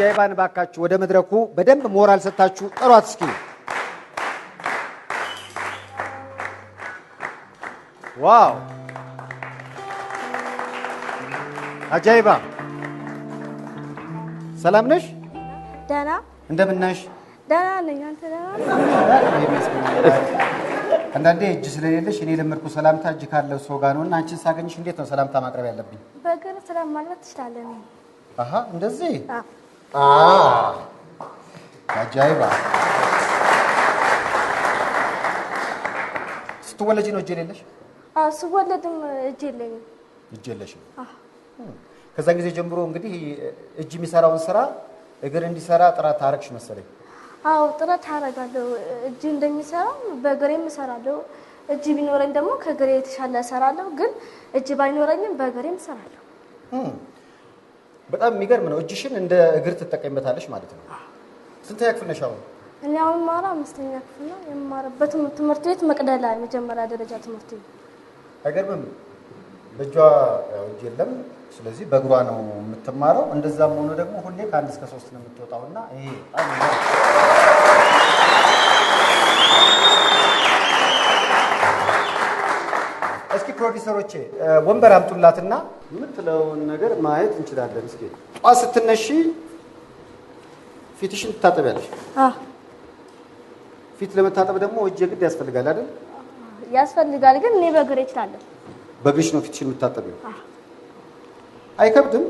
ጃይባን ባካችሁ ወደ መድረኩ በደንብ ሞራል ሰጥታችሁ ጠሯት እስኪ። ዋው አጃይባ ሰላም ነሽ? ደና እንደምን ነሽ? ነኝ። አንተ አንዳንዴ እጅ ስለሌለሽ እኔ ለምርኩ ሰላምታ እጅ ካለው ሰው ጋር ነው እና አንቺን ሳገኝሽ እንዴት ነው ሰላምታ ማቅረብ ያለብኝ? በእግር ሰላም ማለት ትችላለህ። አሀ እንደዚህ Ah, ajaiba! ስትወለጂ ነው እጅ የሌለሽ? ስወለድም እጅ የለኝም። እጅ የለሽም። ከዛን ጊዜ ጀምሮ እንግዲህ እጅ የሚሰራውን ስራ እግር እንዲሰራ ጥረት አረግሽ መሰለኝ። አዎ ጥረት አረጋለሁ። እጅ እንደሚሰራ በእግሬም እሰራለሁ። እጅ ቢኖረኝ ደግሞ ከእግሬ የተሻለ እሰራለሁ። ግን እጅ ባይኖረኝም በእግሬም እሰራለሁ። በጣም የሚገርም ነው። እጅሽን እንደ እግር ትጠቀምበታለሽ ማለት ነው። ስንት ክፍል ነሽ አሁን? እኔ አሁን ማራ አምስተኛ ክፍል ነው። የማረበት ትምህርት ቤት መቅደላ የመጀመሪያ ደረጃ ትምህርት ቤት። አይገርምም? በእጇ እጅ የለም። ስለዚህ በእግሯ ነው የምትማረው። እንደዛም ሆኖ ደግሞ ሁሌ ከአንድ እስከ ሶስት ነው የምትወጣው እና ይሄ ፕሮዲሰሮቼ ወንበር አምጡላትና የምትለውን ነገር ማየት እንችላለን። እስኪ ጧት ስትነሺ ፊትሽን ትታጠቢያለሽ። ፊት ለመታጠብ ደግሞ እጅ ግድ ያስፈልጋል አይደል? ያስፈልጋል፣ ግን እኔ በእግሬ እችላለሁ። በእግርሽ ነው ፊትሽን የምታጠቢው። አይከብድም፣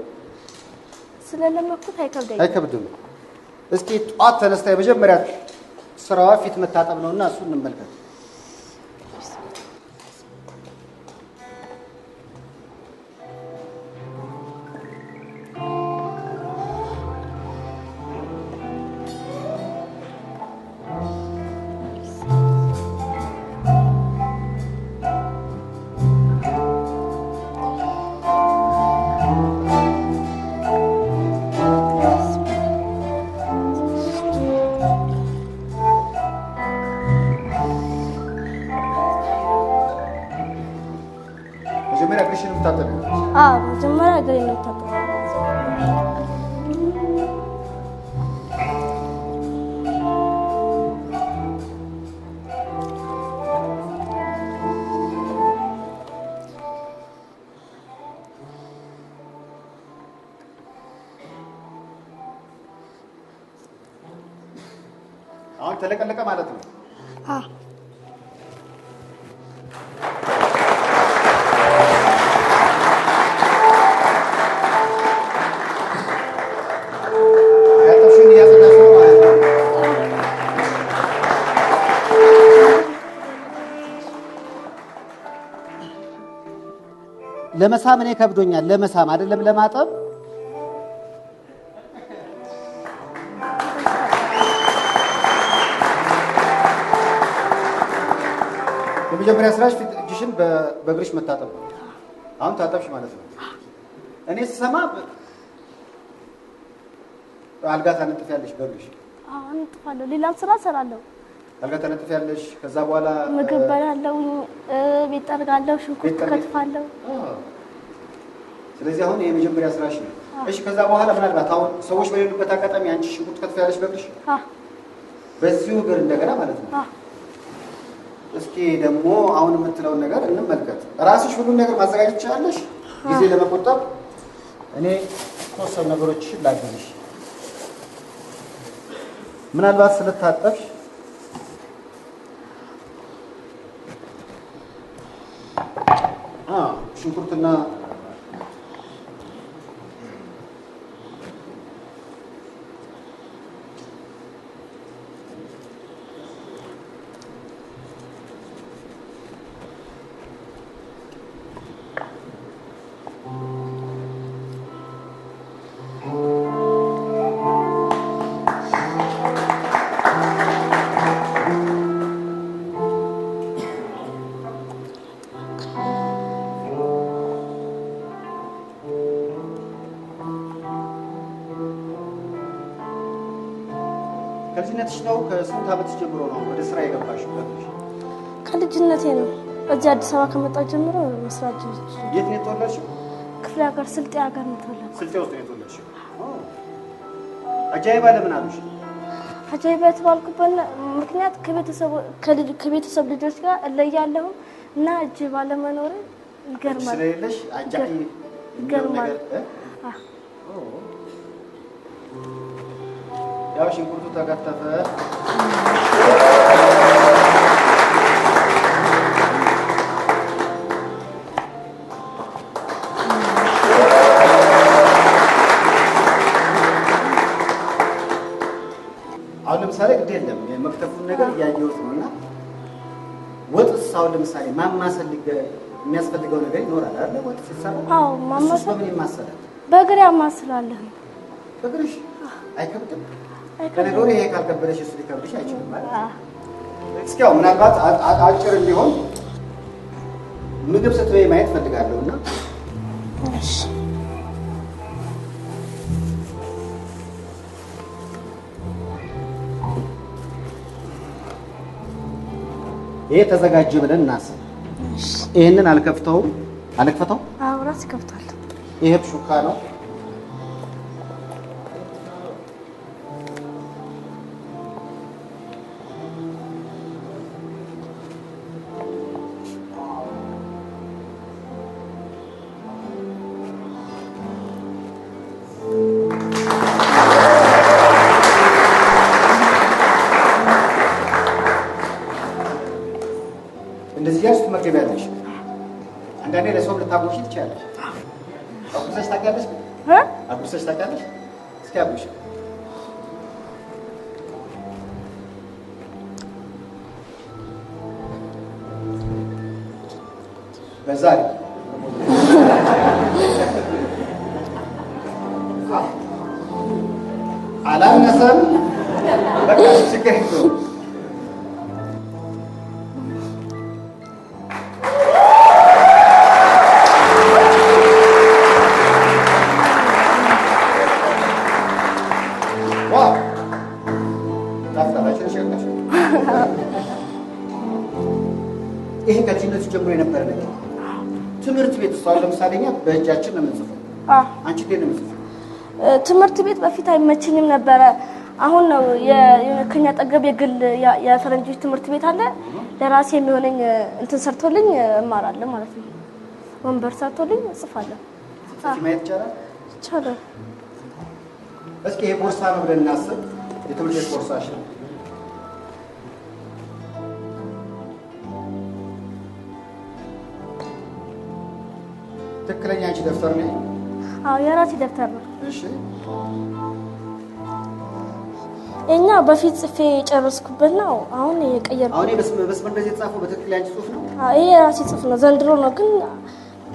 ስለለመኩት አይከብድም። እስኪ ጧት ተነስታ የመጀመሪያ ስራዋ ፊት መታጠብ ነው እና እሱ እንመልከት። આ મારા ઘરેનો થતો आग थले कल्ले का मारा तू हाँ ለመሳም እኔ ከብዶኛል። ለመሳም አይደለም ለማጠብ የመጀመሪያ ስራሽ ፊት እጅሽን በእግርሽ መታጠብ። አሁን ታጠብሽ ማለት ነው። እኔ ስሰማ አልጋ ታነጥፊያለሽ በእግርሽ። አዎ፣ ሌላም ስራ እሰራለሁ። አልጋ ተነጥፊያለሽ። ከዛ በኋላ ምግብ በላለሁ፣ ቤት ጠርጋለሁ፣ ሽንኩርት ከትፋለሁ። ስለዚህ አሁን የመጀመሪያ ስራሽ ነው። እሺ፣ ከዛ በኋላ ምናልባት አሁን ሰዎች በሌሉበት አጋጣሚ አንቺ ሽንኩርት ከትፊያለሽ በእግርሽ፣ በዚሁ እግር እንደገና ማለት ነው። እስኪ ደግሞ አሁን የምትለውን ነገር እንመልከት። ራስሽ ሁሉን ነገር ማዘጋጀት ትችላለሽ፣ ጊዜ ለመቆጠብ እኔ የተወሰኑ ነገሮች ላግዝሽ። ምናልባት ስለታጠብሽ اه باش نقول لك ከልጅነትሽ ነው? ከስንት ዓመትሽ ጀምሮ ነው ወደ ስራ የገባሽው? ከልጅነቴ ነው። እዚህ አዲስ አበባ ከመጣሁ ጀምሮ መስራት ጀመርኩ። የት ነው የተወለድሽው? ክፍለ ሀገር ስልጤ ሀገር ነው የተወለድኩት። ስልጤ ውስጥ ነው የተወለድሽው? አጃይባ ለምን አሉሽ? አጃይባ የተባልኩበት ምክንያት ከቤተሰብ ልጆች ጋር እለያለሁ እና እጅ ባለመኖር ይገርማል። ስለሌለሽ ይገርማል። ያው ሽንኩርቱ ተከተፈ። አሁን ለምሳሌ ግድ የለም የመክተፉን ነገር እያየሁት ነው እና ለምሳሌ ማማሰል የሚያስፈልገው ነገር ይኖራል አይደል? ወጥ ሲሰራ ማማሰል በምን ይማሰላል? በእግር በእግርሽ አይከብድም። ከነገሩ ይሄ ካልከበደሽ እሱ ሊከብድሽ አይችልም ማለት ነው። እስኪ ያው ምናልባት አጭር ቢሆን ምግብ ስትበይ ማየት ፈልጋለሁ እና ይሄ ተዘጋጀ ብለን እናስብ። ይህንን አልከፍተውም አልከፍተው፣ አዎ ራስ ይከፍታል። ይሄ ሹካ ነው። Janeiro tá ah. é sobre tabus e tchelas. Alguns estacadas? Hã? Alguns estacadas? Se quer buscar. Pesário. Alain Nassan, la classe psychiatrique. ያለችው። ትምህርት ቤት እሷ ለምሳሌ በእጃችን ነው የምንጽፈው። አንቺ እንዴት ነው የምጽፈው? ትምህርት ቤት በፊት አይመችኝም ነበረ። አሁን ነው ከኛ ጠገብ የግል የፈረንጆች ትምህርት ቤት አለ። ለራሴ የሚሆነኝ እንትን ሰርቶልኝ እማራለሁ ማለት ነው። ወንበር ሰርቶልኝ እጽፋለሁ። ማየት ይቻላል ይቻላል። እስኪ ይሄ ቦርሳ ነው ብለን እናስብ። የትምህርት ቤት ቦርሳሽ ነው ትክክለኛ አንቺ ደብተር ነው? አዎ የራሴ ደብተር ነው። እሺ እኛ በፊት ጽፌ የጨረስኩበት ነው። አሁን የቀየርኩ አሁን በመስመር እንደዚህ የተጻፈው በትክክል ያንቺ ጽሁፍ ነው? አዎ ይሄ የራሴ ጽሁፍ ነው። ዘንድሮ ነው ግን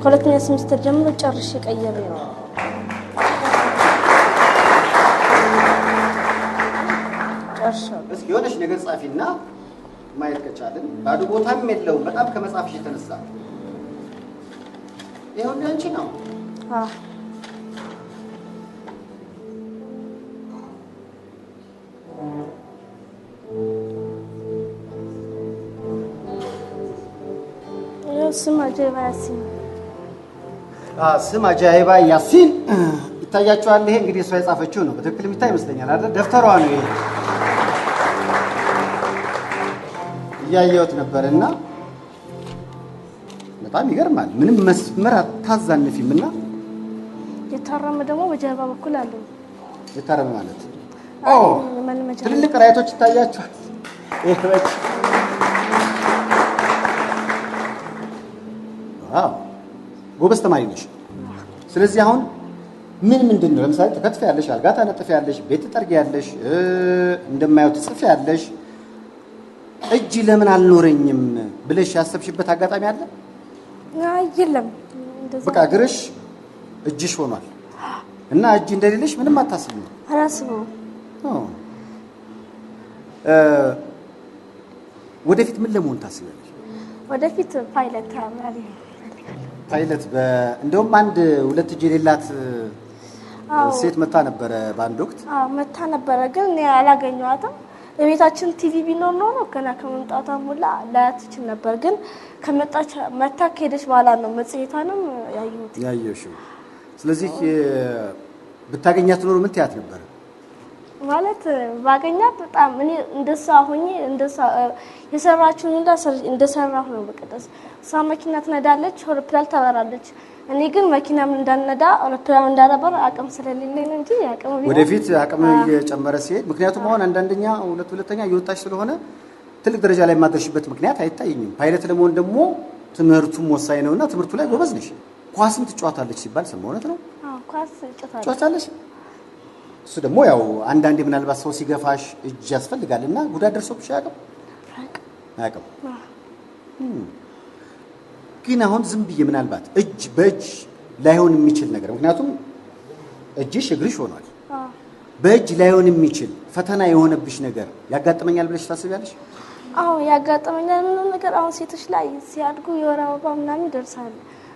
ከሁለተኛ ሴሚስተር ጀምሮ ጨርሼ የቀየር ነው። እስኪ የሆነች ነገር ጻፊና ማየት ከቻልን ባዶ ቦታም የለውም በጣም ከመጻፍሽ የተነሳ ይሁን አንቺ አጃይባ ያሲን ይታያቸዋል። ይሄ እንግዲህ እሷ የጻፈችው ነው። በትክክል የሚታይ ይመስለኛል አይደል? ደብተሯ ነው ይሄ። እያየሁት ነበር እና በጣም ይገርማል። ምንም መስመር አታዛንፊም እና የታረመ ደግሞ በጀርባ በኩል አለ። የታረመ ማለት ትልልቅ ራይቶች ይታያቸዋል። ጎበዝ ተማሪ ነሽ። ስለዚህ አሁን ምን ምንድን ነው ለምሳሌ ተከትፈ ያለሽ፣ አልጋ ታነጥፍ ያለሽ፣ ቤት ጠርግ ያለሽ፣ እንደማየው ትጽፍ ያለሽ እጅ ለምን አልኖረኝም ብለሽ ያሰብሽበት አጋጣሚ አለ? የለም በቃ እግርሽ እጅሽ ሆኗል እና እጅ እንደሌለሽ ምንም አታስብ ነው አላስበው ወደፊት ምን ለመሆን ታስቢያለሽ ወደፊት ፓይለት ተምራሪ ፓይለት እንደውም አንድ ሁለት እጅ የሌላት ሴት መታ ነበረ በአንድ ወቅት መታ ነበረ ግን እኔ አላገኘኋትም የቤታችን ቲቪ ቢኖር ኖሮ ገና ከመምጣቷ ሙላ ላያት ነበር። ግን ከመጣች መታ ከሄደች በኋላ ነው መጽሔቷንም ያየሁት ያየሽው። ስለዚህ ብታገኛት ኖሮ ምን ትያት ነበር? ማለት ባገኛት በጣም እኔ እንደሷ ሆኜ የሰራችውን እንደሰራሁ ነው። በቀደስ እሷ መኪና ትነዳለች፣ ሆሮፕላን ታበራለች እኔ ግን መኪናም እንዳነዳ ኦሮፕላን እንዳረበር አቅም ስለሌለኝ እንጂ አቅም ወደፊት አቅም እየጨመረ ሲሄድ፣ ምክንያቱም አሁን አንዳንደኛ ሁለት ሁለተኛ እየወጣች ስለሆነ ትልቅ ደረጃ ላይ የማደርሽበት ምክንያት አይታየኝም። ፓይለት ለመሆን ደግሞ ትምህርቱም ወሳኝ ነውና ትምህርቱ ላይ ጎበዝ ነሽ። ኳስም ትጫወታለች ሲባል ስም እውነት ነው? ትጫወታለች። እሱ ደግሞ ያው አንዳንዴ ምናልባት ሰው ሲገፋሽ እጅ ያስፈልጋል እና ጉዳት ደርሶብሽ አያውቅም አያውቅም ግን አሁን ዝም ብዬ ምናልባት እጅ በእጅ ላይሆን የሚችል ነገር ምክንያቱም እጅሽ እግርሽ ሆኗል። በእጅ ላይሆን የሚችል ፈተና የሆነብሽ ነገር ያጋጥመኛል ብለሽ ታስቢያለሽ? አዎ ያጋጥመኛል። ምንም ነገር አሁን ሴቶች ላይ ሲያድጉ የወር አበባ ምናምን ይደርሳል።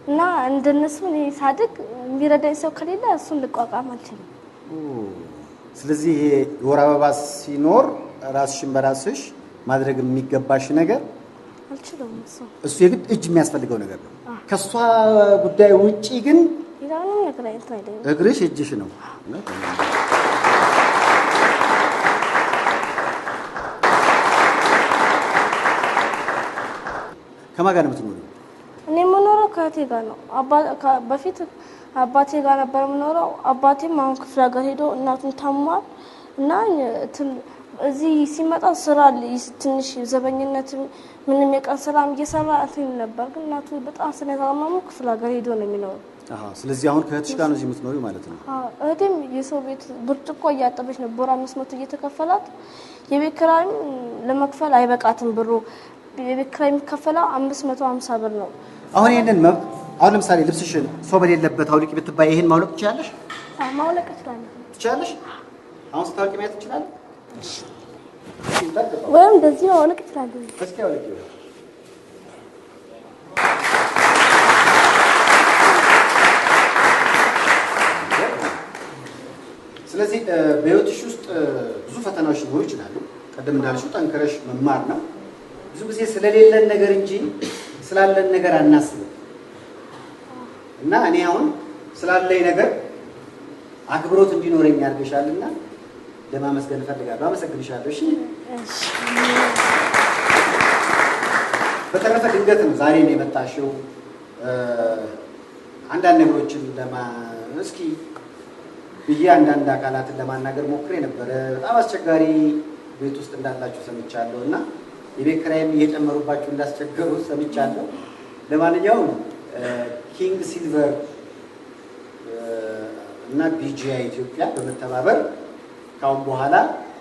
እና እንደነሱ እኔ ሳድግ የሚረዳኝ ሰው ከሌለ እሱን ልቋቋም አልችልም። ስለዚህ ይሄ የወር አበባ ሲኖር ራስሽን በራስሽ ማድረግ የሚገባሽ ነገር እሱ የግድ እጅ የሚያስፈልገው ነገር ነው። ከእሷ ጉዳይ ውጪ ግን እግርሽ እጅሽ ነው። ከማን ጋር ነው የምትኖሪው? እኔ የምኖረው ከእህቴ ጋር ነው። በፊት አባቴ ጋር ነበር የምኖረው። አባቴም አሁን ክፍለ ሀገር ሄዶ እናቱን ታሟል እና እዚህ ሲመጣ ስራ ትንሽ ዘበኝነት ምንም የቀን ስራም እየሰራ እንትን ነበር፣ ግን እናቱ በጣም ስለታመሙ ክፍለ ሀገር ሄዶ ነው የሚኖሩ። ስለዚህ አሁን ከእህትሽ ጋር ነው እዚህ ማለት ነው? እህቴም የሰው ቤት ብርጭቆ እያጠበች ነው፣ ቦራ አምስት መቶ እየተከፈላት የቤት ክራይም ለመክፈል አይበቃትም ብሩ። የቤት ክራይ የሚከፈለው አምስት መቶ ሀምሳ ብር ነው። አሁን ይህንን መብት አሁን ለምሳሌ ልብስሽን ሰው በሌለበት አውልቂ ብትባይ ይህን ማውለቅ ትችላለሽ? ማውለቅ ትችላለሽ። ትችላለሽ? አሁን ስታውቂ ማየት ትችላለሽ? ወይም እንደዚህ አውልቅ እችላለሁ። እስኪ አውልቅ። ስለዚህ በህይወትሽ ውስጥ ብዙ ፈተናዎች ሊኖሩ ይችላሉ። ቀደም እንዳልሽው ጠንክረሽ መማር ነው። ብዙ ጊዜ ስለሌለን ነገር እንጂ ስላለን ነገር አናስብም። እና እኔ አሁን ስላለኝ ነገር አክብሮት እንዲኖረኝ ያድርግሻልና ለማመስገን እፈልጋለሁ። አመሰግንሻለሁ። እሺ። በተረፈ ድንገት ነው ዛሬ ነው የመጣሽው። አንዳንድ ነገሮችን ለማ እስኪ ብዬ አንዳንድ አካላትን ለማናገር ሞክሬ ነበረ። በጣም አስቸጋሪ ቤት ውስጥ እንዳላችሁ ሰምቻለሁ እና የቤት ኪራይም እየጨመሩባችሁ እንዳስቸገሩ ሰምቻለሁ። ለማንኛውም ኪንግ ሲልቨር እና ቢጂአይ ኢትዮጵያ በመተባበር ካሁን በኋላ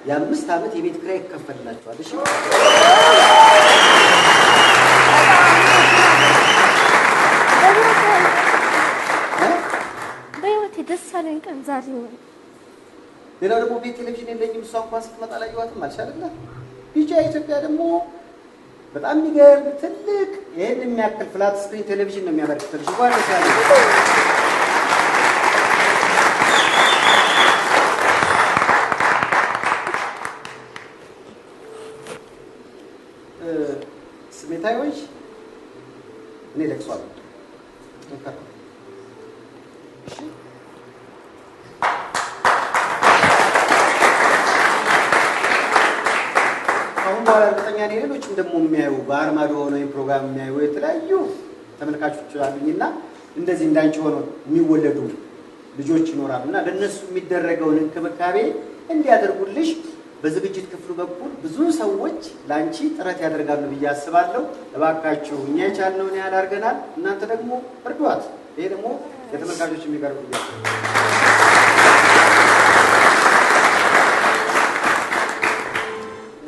የአምስት ዓመት የቤት ክራይ ይከፈልላቸዋል። እሺ በህይወቴ ደስ ያለኝ ቀን ዛሬ ሌላው ደግሞ ቤት ቴሌቪዥን የለኝም። እሷ እንኳን ስትመጣ አላየኋትም አልሽ አይደለ? ቢጫ ኢትዮጵያ ደግሞ በጣም የሚገርም ትልቅ ይህን የሚያክል ፍላት ስክሪን ቴሌቪዥን ነው የሚያበረክትልሽ። እንኳን ደስ ያለሽ። የተለያዩ ተመልካቾች አሉኝና እንደዚህ እንዳንቺ ሆኖ የሚወለዱ ልጆች ይኖራሉ እና ለእነሱ የሚደረገውን እንክብካቤ እንዲያደርጉልሽ በዝግጅት ክፍሉ በኩል ብዙ ሰዎች ለአንቺ ጥረት ያደርጋሉ ብዬ አስባለሁ። እባካችሁ እኛ የቻልነውን ያህል አድርገናል፣ እናንተ ደግሞ እርዷት። ይሄ ደግሞ ለተመልካቾች የሚቀርብ ብዬ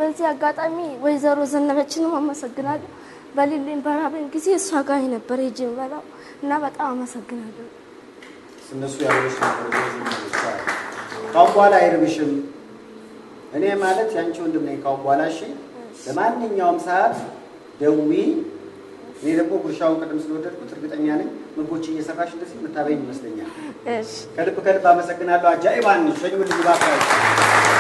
በዚህ አጋጣሚ ወይዘሮ ዘነበችንም አመሰግናለሁ። በልልኝ በራበኝ ጊዜ እሷ ጋር የነበረ ሂጅ በላው እና በጣም አመሰግናለሁ። እነሱ ያሉሽ ካሁን በኋላ አይርብሽም። እኔ ማለት ያንቺ ወንድም ነኝ። ካሁን በኋላ እሺ፣ ለማንኛውም ሰዓት ደዊ። እኔ ደግሞ ጉርሻውን ቅድም ስለወደድኩት እርግጠኛ ነኝ ምግቦች እየሰራሽ እንደዚህ የምታበይኝ ይመስለኛል። ከልብ ከልብ አመሰግናለሁ። አጃኢባን ሸኙ ልጅ ባካ